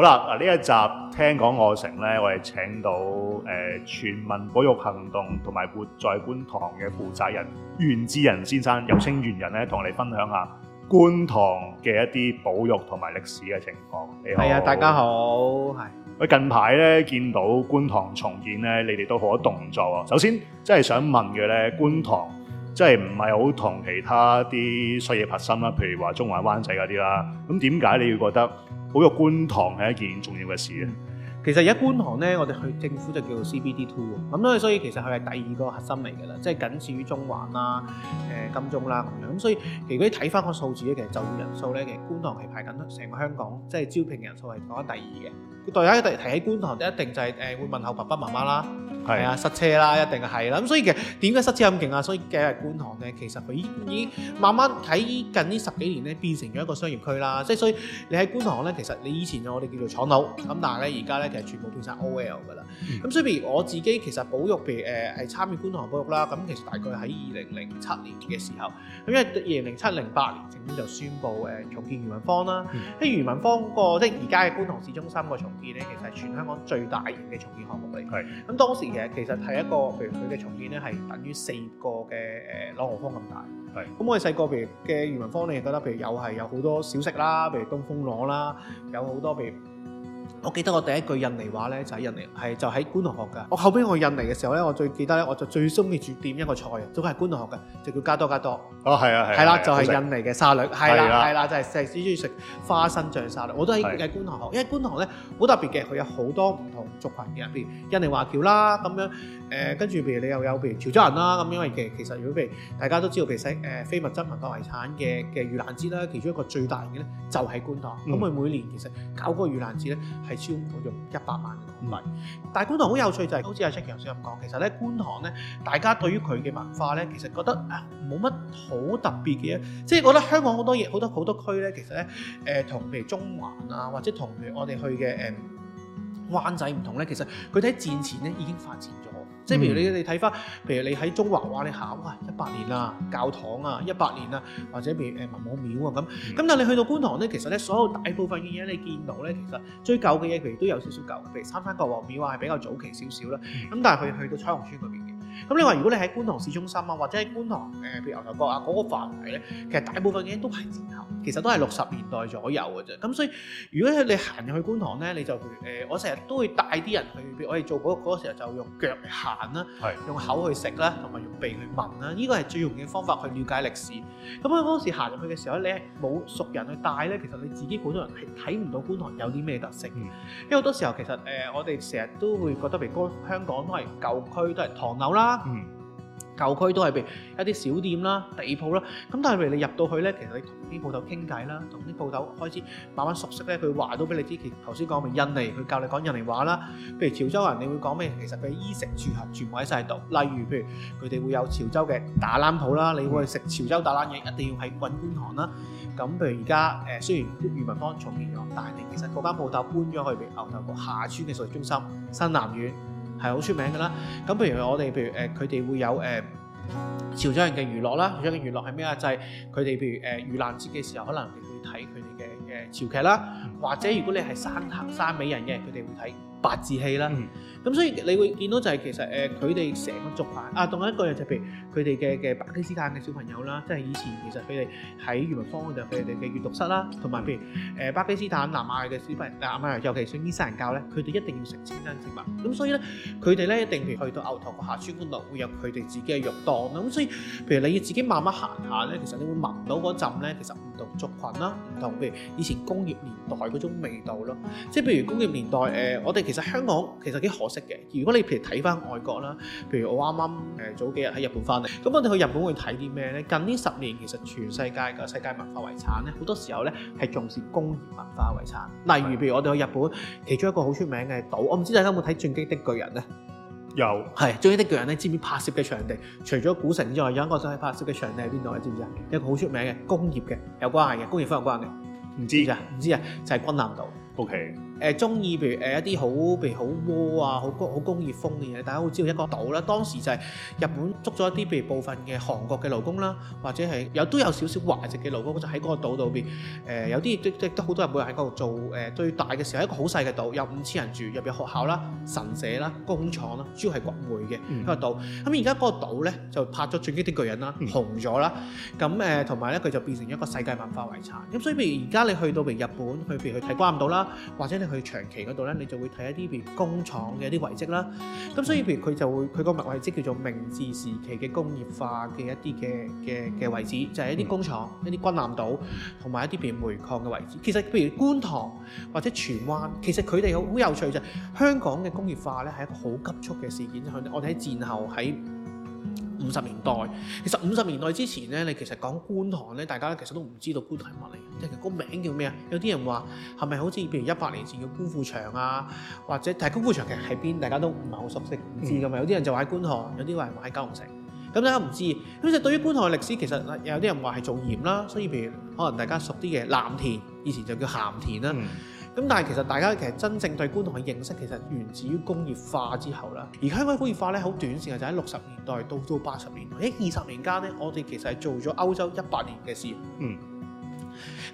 好啦，嗱呢一集聽講我城咧，我哋請到誒、呃、全民保育行動同埋活在觀塘嘅負責人袁智仁先生，有稱袁人咧，同我哋分享下觀塘嘅一啲保育同埋歷史嘅情況。你好，係啊，大家好。係。我近排咧見到觀塘重建咧，你哋都好多動作喎。首先，即係想問嘅咧，觀塘。即係唔係好同其他啲商業核心啦，譬如話中環、灣仔嗰啲啦。咁點解你會覺得好個觀塘係一件重要嘅事咧？其實而家觀塘咧，我哋去政府就叫做 C B D Two 喎。咁所以所以其實佢係第二個核心嚟㗎啦，即係僅次於中環啦、誒、呃、金鐘啦咁樣。咁、啊、所以其實如果你睇翻個數字咧，其實就業人數咧，其實觀塘係排緊成個香港，即係招聘人數係講緊第二嘅。大家一提起觀塘一定就係誒會問候爸爸媽媽啦。係啊，塞車啦，一定係啦，咁所以其實點解塞車咁勁啊？所以今日觀塘咧，其實佢已已經慢慢喺近呢十幾年咧變成咗一個商業區啦。即係所以你喺觀塘咧，其實你以前我哋叫做廠佬，咁但係咧而家咧其實全部變晒 OL 㗎啦。咁所以譬如我自己其實保育譬如誒係、呃、參與觀塘保育啦，咁其實大概喺二零零七年嘅時候，咁因為二零零七零八年政府就宣布誒重建裕民坊啦，啲、嗯、裕民坊、嗰個即係而家嘅觀塘市中心個重建咧，其實係全香港最大型嘅重建項目嚟。咁、嗯、當時。其實係一個，譬如佢嘅重建咧，係等於四個嘅誒朗豪坊咁大。係是，咁我哋細個譬如嘅裕民坊，你係覺得譬如又係有好多小食啦，譬如東風螺啦，有好多譬如。我記得我第一句印尼話咧就喺、是、印尼，係就喺、是、觀塘學㗎。後面我後邊我去印尼嘅時候咧，我最記得咧，我就最中意煮點一個菜，都、就、係、是、觀塘學嘅，就叫加多加多。哦，係啊，係啦、啊啊，就係、是、吃印尼嘅沙律，係啦、啊，係啦、啊啊，就係成日中意食花生醬沙律。我都喺喺對觀塘學，因為觀塘咧好特別嘅，佢有好多唔同族群嘅，譬如印尼華僑啦咁樣，誒跟住譬如你又有譬如潮州人啦咁，因為其實其實如果譬如大家都知道譬如誒非物質文化遺產嘅嘅盂蘭節啦，其中一個最大型嘅咧就係觀塘，咁佢、嗯、每年其實搞嗰個盂蘭節咧。係超過咗一百萬嘅案例，是但係觀塘好有趣就係好似阿 Check 頭先咁講，其實咧觀塘咧，大家對於佢嘅文化咧，其實覺得啊冇乜好特別嘅，即係覺得香港好多嘢，好多好多區咧，其實咧誒同譬如中環啊，或者同譬如我哋去嘅誒灣仔唔同咧，其實佢喺戰前咧已經發展咗。即係譬如你你睇翻，譬如你喺中華，華哇，你考啊，一百年啊，教堂啊一百年啊，或者譬如誒、呃、文武廟啊咁咁，嗯、但係你去到觀塘咧，其實咧所有大部分嘅嘢你見到咧，其實最舊嘅嘢其實都有少少舊，譬如三山國王廟係、啊、比較早期少少啦，咁、嗯、但係去去到彩虹村嗰邊。咁你話如果你喺觀塘市中心啊，或者喺觀塘嘅譬如牛頭角啊嗰個範圍咧，其實大部分嘅人都係戰後，其實都係六十年代左右嘅啫。咁所以如果咧你行入去觀塘咧，你就譬如誒，我成日都會帶啲人去，我哋做嗰嗰時候就用腳嚟行啦，用口去食啦，同埋用鼻去聞啦。呢個係最容易嘅方法去了解歷史。咁啊，嗰陣時行入去嘅時候咧，冇熟人去帶咧，其實你自己普通人係睇唔到觀塘有啲咩特色嘅，因為好多時候其實誒，我哋成日都會覺得譬如哥香港都係舊區都係唐樓啦。嗯，舊區都係俾一啲小店啦、地鋪啦，咁但係譬如你入到去咧，其實你同啲鋪頭傾偈啦，同啲鋪頭開始慢慢熟悉咧，佢話都俾你知。其實頭先講明印尼，佢教你講印尼話啦。譬如潮州人，你會講咩？其實佢衣食住行全部喺曬度。例如譬如佢哋會有潮州嘅打冷鋪啦，你會去食潮州打冷嘢，一定要喺滾觀塘啦。咁譬如而家誒，雖然裕民坊重建咗，但係其實嗰間鋪頭搬咗去牛頭角下村嘅熟食中心新南苑。係好出名嘅啦，咁譬如我哋譬如誒，佢、呃、哋會有潮州人嘅娛樂啦，潮州人嘅娛樂係咩啊？就係佢哋譬如盂蘭、呃、節嘅時候，可能我哋會睇佢哋嘅潮劇啦。或者如果你係山客、山美人嘅，佢哋會睇八字戲啦。咁所以你會見到就係其實誒，佢哋成個族群啊，仲有一個人就係譬如佢哋嘅嘅巴基斯坦嘅小朋友啦，即係以前其實佢哋喺裕民坊嘅就佢哋嘅閲讀室啦，同埋譬如誒巴基斯坦、南亞嘅小朋友，尤其係伊斯蘭教咧，佢哋一定要食清真食物。咁所以咧，佢哋咧一定譬如去到牛頭角下邨嗰度，會有佢哋自己嘅肉檔。咁所以譬如你要自己慢慢行下咧，其實你會聞到嗰陣咧，其實唔同族群啦，唔同譬如以前工業年代。嗰種味道咯，即係譬如工業年代，誒，我哋其實香港其實幾可惜嘅。如果你譬如睇返外國啦，譬如我啱啱誒早幾日喺日本返嚟，咁我哋去日本會睇啲咩咧？近呢十年其實全世界嘅世界文化遺產咧，好多時候咧係重視工業文化遺產。例如，譬如我哋去日本，其中一個好出名嘅島，我唔知大家有冇睇《進擊的巨人》咧？有，係《進擊的巨人》咧，知唔知拍攝嘅場地？除咗古城之外，有一個就喺拍攝嘅場地喺邊度？你知唔知啊？一個好出名嘅工業嘅有關係嘅工業分有關嘅。唔知㗎，唔知啊，就係軍艦道。OK。誒中意譬如誒一啲好譬如好窩啊，好工好工業風嘅嘢，大家會知道一個島啦。當時就係日本捉咗一啲譬如部分嘅韓國嘅勞工啦，或者係有都有少少華籍嘅勞工，就喺嗰個島度邊。誒、呃、有啲即即都好多日人會喺嗰度做。誒、呃、最大嘅時候一個好細嘅島，有五千人住，入邊有學校啦、神社啦、工廠啦，主要係掘煤嘅一個島。咁而家嗰個島咧就拍咗《進擊的巨人》啦，紅咗啦。咁誒同埋咧佢就變成一個世界文化遺產。咁所以譬如而家你去到譬如日本去譬如去睇關島啦，或者你。去長期嗰度咧，你就會睇一啲譬如工廠嘅一啲遺跡啦。咁所以譬如佢就會佢個物遺跡叫做明治時期嘅工業化嘅一啲嘅嘅嘅位置，就係、是、一啲工廠、嗯、一啲軍艦島同埋一啲譬如煤礦嘅位置。其實譬如觀塘或者荃灣，其實佢哋好有趣就係香港嘅工業化咧，係一個好急速嘅事件。我哋喺戰後喺五十年代，其實五十年代之前咧，你其實講觀塘咧，大家其實都唔知道觀塘係乜嚟嘅，即係個名叫咩啊？有啲人話係咪好似譬如一百年前叫官富場啊，或者但係官富場其實喺邊，大家都唔係好熟悉，唔知㗎嘛、嗯？有啲人就話喺觀塘，有啲話喺九龍城，咁大家唔知。咁就對於觀塘嘅歷史，其實有啲人話係做鹽啦，所以譬如可能大家熟啲嘅藍田，以前就叫鹹田啦。嗯。咁但係其實大家其實真正對觀塘嘅認識其實源自於工業化之後啦。而香港工業化咧好短時間嘅，就喺六十年代到到八十年代，一二十年間咧，我哋其實係做咗歐洲一百年嘅事。嗯。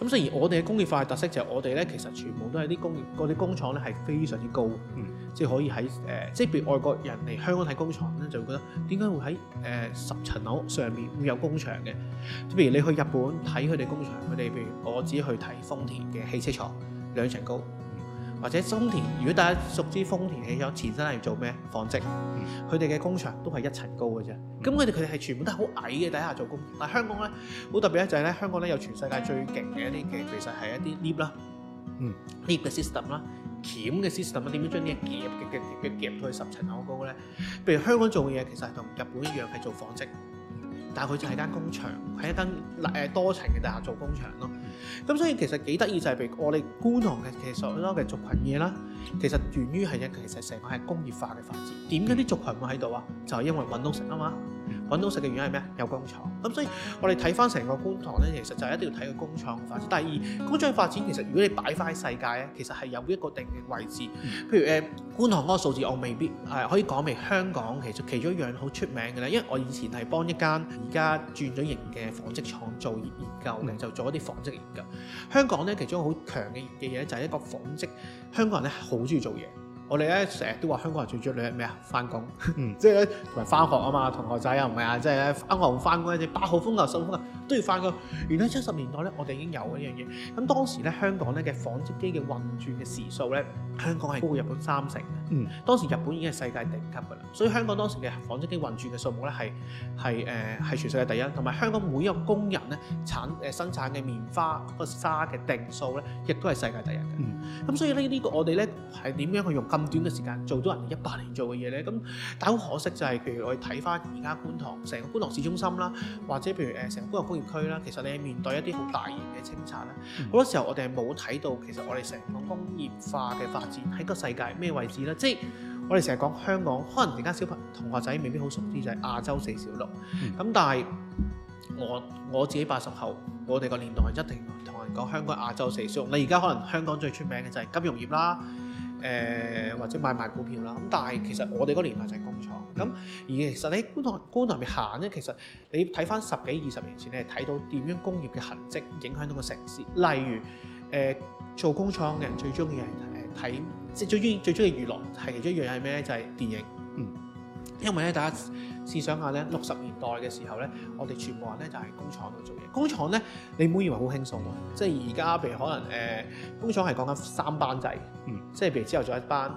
咁所以我哋嘅工業化嘅特色就係我哋咧，其實全部都係啲工業嗰啲工廠咧係非常之高、嗯即呃，即係可以喺誒，即係譬如外國人嚟香港睇工廠咧，就會覺得點解會喺誒十層樓上面會有工廠嘅？即譬如你去日本睇佢哋工廠，佢哋譬如我自己去睇豐田嘅汽車廠。兩層高，或者豐田。如果大家熟知豐田汽車前身係做咩？紡織，佢哋嘅工場都係一層高嘅啫。咁佢哋佢哋係全部都係好矮嘅底下做工。但香港咧好特別咧，就係咧香港咧有全世界最勁嘅一啲嘅，其實係一啲 lift 啦，嗯，lift 嘅 system 啦，鉗嘅 system 啦，點樣將啲夾嘅嘅嘅夾推十層樓高咧？譬如香港做嘅嘢，其實係同日本一樣係做紡織。但係佢就係間工場，係一間誒多層嘅大廈做工場咯。咁、嗯、所以其實幾得意就係、譬如，我哋觀塘嘅其實好多嘅族群嘢啦，其實源於係一其實成個係工業化嘅發展。點解啲族群會喺度啊？就係、是、因為揾到食啊嘛。揾到食嘅原因係咩？有工廠咁，所以我哋睇翻成個觀塘咧，其實就係一定要睇個工廠嘅發展。第二工廠嘅發展其實，如果你擺翻喺世界咧，其實係有一個定嘅位置。嗯、譬如誒，觀塘嗰個數字，我未必係可以講明香港其實其中一樣好出名嘅咧，因為我以前係幫一間而家轉咗型嘅紡織廠做研究嘅，嗯、就做一啲紡織研究。香港咧其中好強嘅嘅嘢就係一個紡織，香港人咧好中意做嘢。我哋咧成日都話香港人最中意咩啊？翻工，即係咧同埋翻學啊嘛，同學仔又唔係啊，即係咧翻學同翻工，即係八號風球、十號風球都要翻工。原來七十年代咧，我哋已經有呢樣嘢。咁當時咧，香港咧嘅紡織機嘅運轉嘅時數咧，香港係高過日本三成。嗯，當時日本已經係世界頂級㗎啦。所以香港當時嘅紡織機運轉嘅數目咧，係係誒係全世界第一，同埋香港每一個工人咧產誒生產嘅棉花、個紗嘅定數咧，亦都係世界第一嘅。咁、嗯、所以呢，呢個我哋咧係點樣去用咁短嘅時間做到人哋一百年做嘅嘢咧，咁但好可惜就係、是，譬如我哋睇翻而家觀塘成個觀塘市中心啦，或者譬如誒成個工業區啦，其實你係面對一啲好大型嘅清拆啦。好、嗯、多時候我哋係冇睇到，其實我哋成個工業化嘅發展喺個世界咩位置咧？即、就、係、是、我哋成日講香港，可能而家小朋友同學仔未必好熟知，就係、是、亞洲四小龍。咁、嗯、但係我我自己八十後，我哋個年代一定同人講香港亞洲四小龍。你而家可能香港最出名嘅就係金融業啦。誒、呃、或者買賣股票啦，咁但係其實我哋嗰年代就係工廠咁，嗯、而其實喺觀塘觀塘入面行咧，其實你睇翻十幾二十年前，你係睇到點樣工業嘅痕跡影響到個城市，例如誒、呃、做工廠嘅人最中意係誒睇，即、呃、係最中意最中意娛樂係其中一樣係咩咧？就係、是、電影，嗯。因為咧，大家試想下咧，六十年代嘅時候咧，我哋全部人咧就喺工廠度做嘢。工廠咧，你唔好以為好輕鬆喎。即係而家，譬如可能誒、呃，工廠係講緊三班制、就是，嗯，即係譬如朝頭早一班，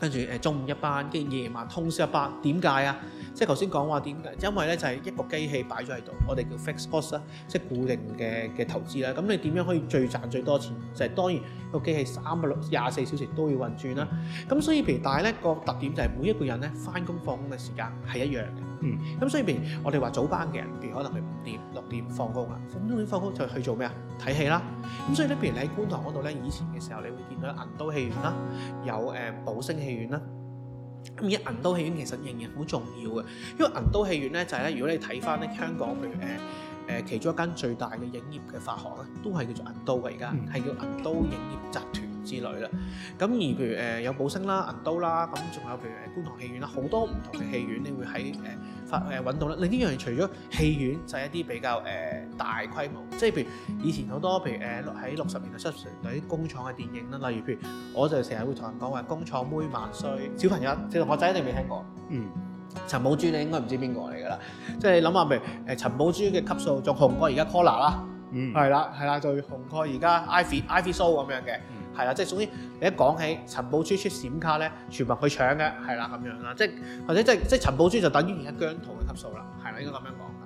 跟住誒中午一班，跟住夜晚通宵一班。點解啊？即係頭先講話點解？因為咧就係一個機器擺咗喺度，我哋叫 fixed cost 啦，即係固定嘅嘅投資啦。咁你點樣可以最賺最多錢？就係、是、當然。個機器三百六廿四小時都要運轉啦，咁所以譬如，但係咧個特點就係每一個人咧翻工放工嘅時間係一樣嘅。嗯，咁所以譬如我哋話早班嘅人，譬如可能係五點六點放工啦，放工完放工就去做咩啊？睇戲啦。咁所以咧，譬如你喺觀塘嗰度咧，以前嘅時候，你會見到銀都戲院啦，有誒寶聲戲院啦。咁而銀都戲院其實仍然好重要嘅，因為銀都戲院咧就係、是、咧，如果你睇翻咧香港嘅誒。譬如呃誒其中一間最大嘅影業嘅發行咧，都係叫做銀都嘅，而家係叫銀都影業集團之類啦。咁、嗯、而譬如誒有寶星啦、銀都啦，咁仲有譬如誒觀塘戲院啦，好多唔同嘅戲院，你會喺誒、呃、發誒揾到啦。另一樣嘢除咗戲院，就係、是、一啲比較誒、呃、大規模，即係譬如以前好多譬如誒喺六十年代七十年代嗰啲工廠嘅電影啦，例如譬如我就成日會同人講話工廠妹萬歲，小朋友，即係我仔一定未聽過。嗯。陳寶珠你應該唔知邊個嚟㗎啦，即係你諗下譬如誒陳寶珠嘅級數，仲紅過而家 Collar 啦，嗯，係啦係啦，仲紅過而家 Ivy Ivy So 咁樣嘅，係啦、嗯，即係總之你一講起陳寶珠出閃卡咧，全民去搶嘅，係啦咁樣啦，即係或者即係即係陳寶珠就等於而家姜濤嘅級數啦，係啦應該咁樣講。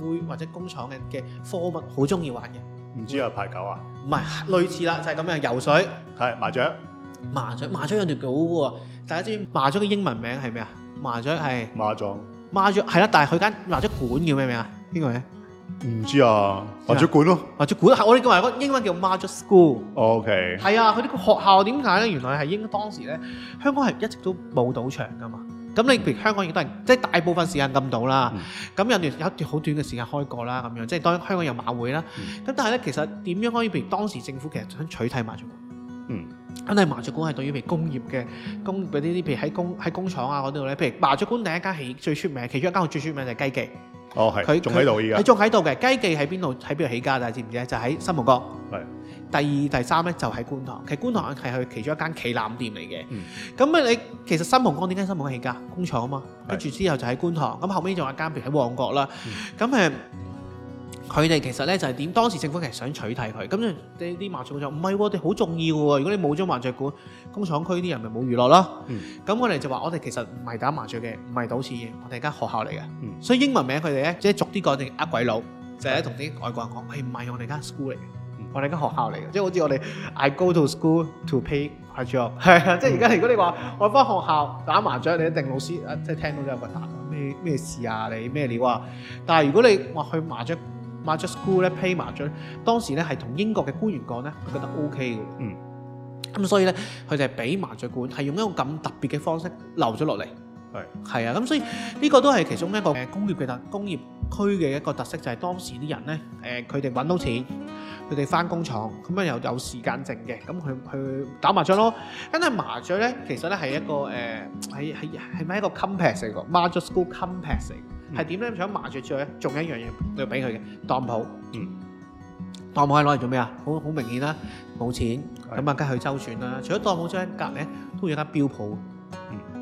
會或者工廠嘅嘅貨物好中意玩嘅，唔知啊牌九啊，唔係類似啦，就係咁樣游水，係麻雀，麻雀麻雀有條狗嘅喎，大家知麻雀嘅英文名係咩啊？麻雀係麻雀，麻雀係啦，但係佢間麻雀館叫咩名啊？邊個名？唔知啊，麻雀館咯，麻雀館，我哋叫埋個英文叫麻雀 school。OK，係啊，佢呢個學校點解咧？原來係英當時咧，香港係一直都冇賭場噶嘛。咁你譬如香港亦都係，即係大部分時間禁到啦。咁、嗯、有段有一段好短嘅時間開過啦，咁樣即係當香港有麻雀啦。咁、嗯、但係咧，其實點樣可以？譬如當時政府其實想取締麻雀館，嗯，因為麻雀館係對於譬如工業嘅工嗰啲譬如喺工喺工廠啊嗰度咧，譬如麻雀館第一間起最出名，其中一間我最出名就係雞記。哦，係佢仲喺度依家，佢仲喺度嘅。雞記喺邊度？喺邊度起家、就是？大家知唔知咧？就喺新蒲崗。係。第二、第三咧就喺、是、觀塘，其實觀塘係佢其中一間旗艦店嚟嘅。咁啊、嗯，你其實新蒲崗點解新蒲崗起㗎工廠啊嘛？跟住是之後就喺觀塘，咁後尾仲有一間譬如喺旺角啦。咁誒、嗯，佢哋其實咧就係、是、點？當時政府其實想取締佢，咁啊啲麻雀館就唔係喎，好重要喎、啊。如果你冇咗麻雀館，工廠區啲人咪冇娛樂咯。咁、嗯、我哋就話：我哋其實唔係打麻雀嘅，唔係賭錢嘅，我哋間學校嚟嘅。嗯、所以英文名佢哋咧，即係俗啲講定呃鬼佬，就係同啲外國人講：唔係我哋間 school 嚟嘅？我哋間學校嚟嘅，即係好似我哋，I go to school to play mahjong，係啊，嗯、即係而家如果你話我返學校打麻將，你一定老師啊，即係聽到有咁答咩咩事啊，你咩料啊？但係如果你話去麻將麻將 school 咧 play 麻將，當時咧係同英國嘅官員講咧，佢覺得 OK 嘅，嗯，咁所以咧，佢哋係俾麻將館係用一個咁特別嘅方式留咗落嚟，係的，係啊的，咁所以呢個都係其中一個工業嘅，工業。區嘅一個特色就係當時啲人咧，誒佢哋揾到錢，佢哋返工廠，咁樣又有時間剩嘅，咁佢佢打麻雀咯。因為麻雀咧，其實咧係一個誒，係係係咪一個 compass 嘅？麻雀 school compass 係點咧？除咗麻雀之外，仲有一樣嘢要俾佢嘅，當鋪。嗯，當鋪可以攞嚟做咩啊？好好明顯啦，冇錢，咁啊梗係去周轉啦。除咗當鋪張隔籬，都有間標鋪。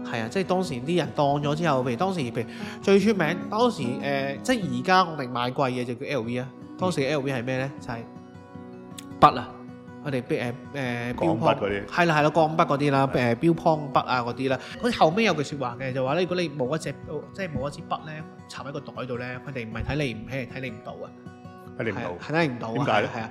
係啊，即係當時啲人當咗之後，譬如當時，譬如最出名，當時誒、呃，即係而家我哋買貴嘅就叫 L V, L v、就是、啊。當時嘅 L V 係咩咧？就係筆啊！佢哋誒誒鋼筆嗰啲，係啦係啦，鋼筆嗰啲啦，誒標框筆啊嗰啲啦。好似後尾有句説話嘅，就話咧，如果你冇一支即係冇一支筆咧，插喺個袋度咧，佢哋唔係睇你唔起，係睇你唔到啊！係睇唔到，點解咧？係啊，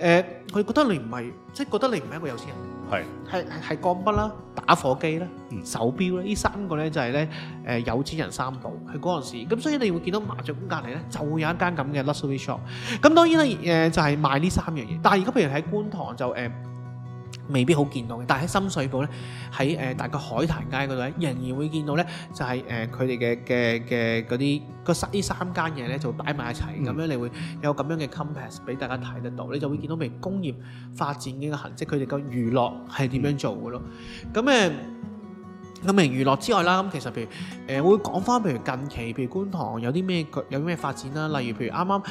誒，佢、呃、覺得你唔係，即、就、係、是、覺得你唔係一個有錢人，係係係鋼筆啦、打火機啦、手錶啦，呢三個咧就係咧誒有錢人三寶。佢嗰陣時，咁所以你會見到麻雀館隔離咧，就會有一間咁嘅 luxury shop。咁當然啦，誒就係賣呢三樣嘢。但係如果譬如喺觀塘就誒。呃未必好見到嘅，但係喺深水埗咧，喺誒、呃、大概海壇街嗰度咧，仍然會見到咧，就係誒佢哋嘅嘅嘅嗰啲三間呢三間嘢咧，就擺埋一齊，咁樣、嗯、你會有咁樣嘅 compass 俾大家睇得到，你就會見到未工業發展嘅一個痕跡，佢哋個娛樂係點樣做嘅咯，咁誒、嗯。咁明娛樂之外啦，咁其實譬如誒、呃、會講翻，譬如近期譬如觀塘有啲咩有咩發展啦，例如譬如啱啱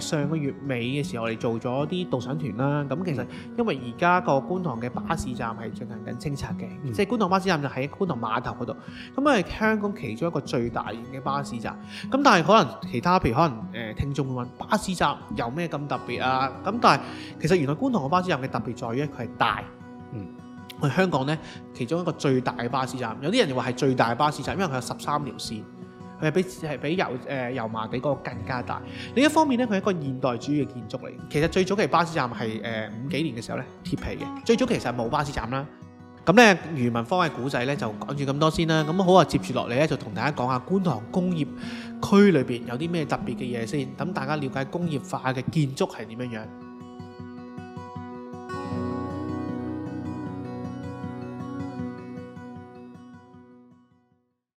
誒上個月尾嘅時候我，我哋做咗啲導賞團啦。咁其實因為而家個觀塘嘅巴士站係進行緊清拆嘅，即係、嗯、觀塘巴士站就喺觀塘碼頭嗰度，咁係香港其中一個最大型嘅巴士站。咁但係可能其他譬如可能誒聽眾會問巴士站有咩咁特別啊？咁但係其實原來觀塘嘅巴士站嘅特別在於佢係大。去香港咧，其中一個最大嘅巴士站，有啲人認為係最大嘅巴士站，因為佢有十三條線，佢係比係比油誒、呃、油麻地嗰個更加大。另一方面咧，佢係一個現代主義嘅建築嚟。其實最早嘅巴士站係誒、呃、五幾年嘅時候咧，鐵皮嘅。最早其實冇巴士站啦。咁咧裕民坊嘅古仔咧，就講住咁多先啦。咁好啊，接住落嚟咧，就同大家講下觀塘工業區裏邊有啲咩特別嘅嘢先，等大家了解工業化嘅建築係點樣樣。